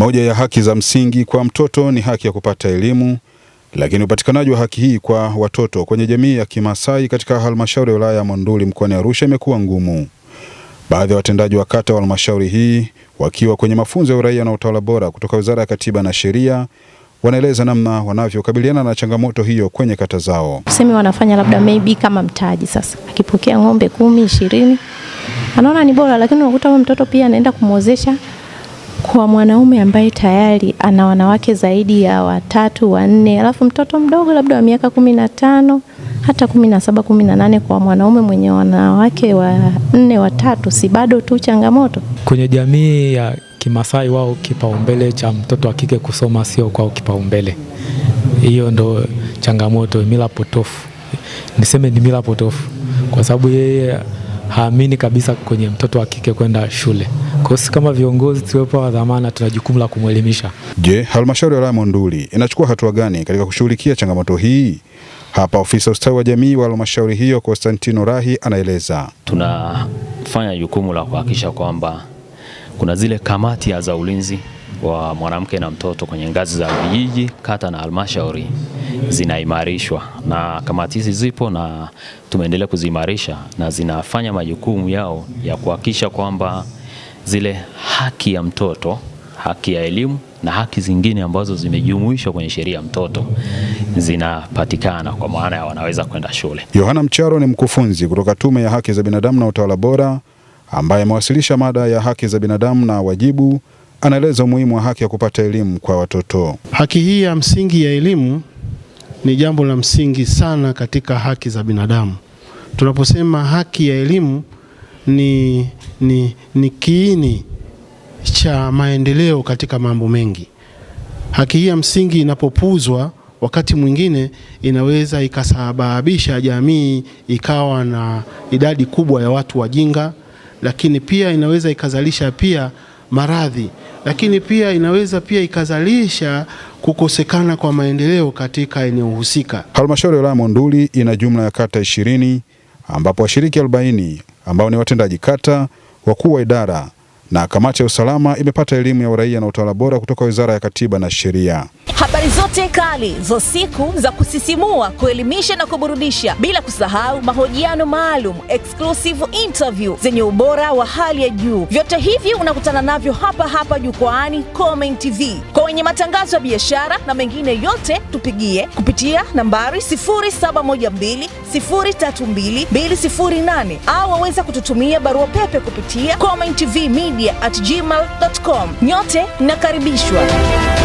Moja ya haki za msingi kwa mtoto ni haki ya kupata elimu, lakini upatikanaji wa haki hii kwa watoto kwenye jamii ya Kimasai katika halmashauri ya wilaya ya Monduli mkoani Arusha imekuwa ngumu. Baadhi ya watendaji wa kata wa halmashauri hii wakiwa kwenye mafunzo ya uraia na utawala bora kutoka Wizara ya Katiba na Sheria wanaeleza namna wanavyokabiliana na changamoto hiyo kwenye kata zao. Tuseme wanafanya labda maybe kama mtaji sasa, akipokea ng'ombe kumi, ishirini anaona ni bora, lakini unakuta mtoto pia anaenda kumwozesha kwa mwanaume ambaye tayari ana wanawake zaidi ya watatu wanne, alafu mtoto mdogo labda wa miaka kumi na tano hata kumi na saba kumi na nane kwa mwanaume mwenye wanawake wa nne watatu, si bado tu changamoto kwenye jamii ya Kimasai? Wao kipaumbele cha mtoto wa kike kusoma sio kwao kipaumbele. Hiyo ndo changamoto, mila potofu, niseme ni mila potofu kwa sababu yeye haamini kabisa kwenye mtoto wa kike kwenda shule. Kwa hiyo kama viongozi tuwepo wa dhamana, tuna jukumu la kumwelimisha. Je, halmashauri ya wilaya Monduli inachukua hatua gani katika kushughulikia changamoto hii? Hapa ofisa ustawi wa jamii wa halmashauri hiyo Konstantino Rahi anaeleza. Tunafanya jukumu la kuhakikisha kwamba kuna zile kamati za ulinzi wa mwanamke na mtoto kwenye ngazi za vijiji, kata na halmashauri zinaimarishwa na kamati hizi zipo na tumeendelea kuziimarisha na zinafanya majukumu yao ya kuhakikisha kwamba zile haki ya mtoto, haki ya elimu na haki zingine ambazo zimejumuishwa kwenye sheria ya mtoto zinapatikana, kwa maana ya wanaweza kwenda shule. Yohana Mcharo ni mkufunzi kutoka Tume ya Haki za Binadamu na Utawala Bora ambaye amewasilisha mada ya haki za binadamu na wajibu. Anaeleza umuhimu wa haki ya kupata elimu kwa watoto. Haki hii ya msingi ya elimu ni jambo la msingi sana katika haki za binadamu. Tunaposema haki ya elimu ni, ni, ni kiini cha maendeleo katika mambo mengi. Haki hii ya msingi inapopuuzwa, wakati mwingine inaweza ikasababisha jamii ikawa na idadi kubwa ya watu wajinga, lakini pia inaweza ikazalisha pia maradhi, lakini pia inaweza pia ikazalisha kukosekana kwa maendeleo katika eneo husika. Halmashauri ya wilaya Monduli ina jumla ya kata ishirini ambapo washiriki arobaini ambao ni watendaji kata, wakuu wa idara na kamati ya usalama imepata elimu ya uraia na utawala bora kutoka Wizara ya Katiba na Sheria. Habari zote kali za siku za kusisimua, kuelimisha na kuburudisha, bila kusahau mahojiano maalum, exclusive interview zenye ubora wa hali ya juu, vyote hivi unakutana navyo hapa hapa jukwaani Khomein TV. Kwa wenye matangazo ya biashara na mengine yote, tupigie kupitia nambari 0712 032 208 au waweza kututumia barua pepe kupitia Media media at gmail.com. Nyote nakaribishwa.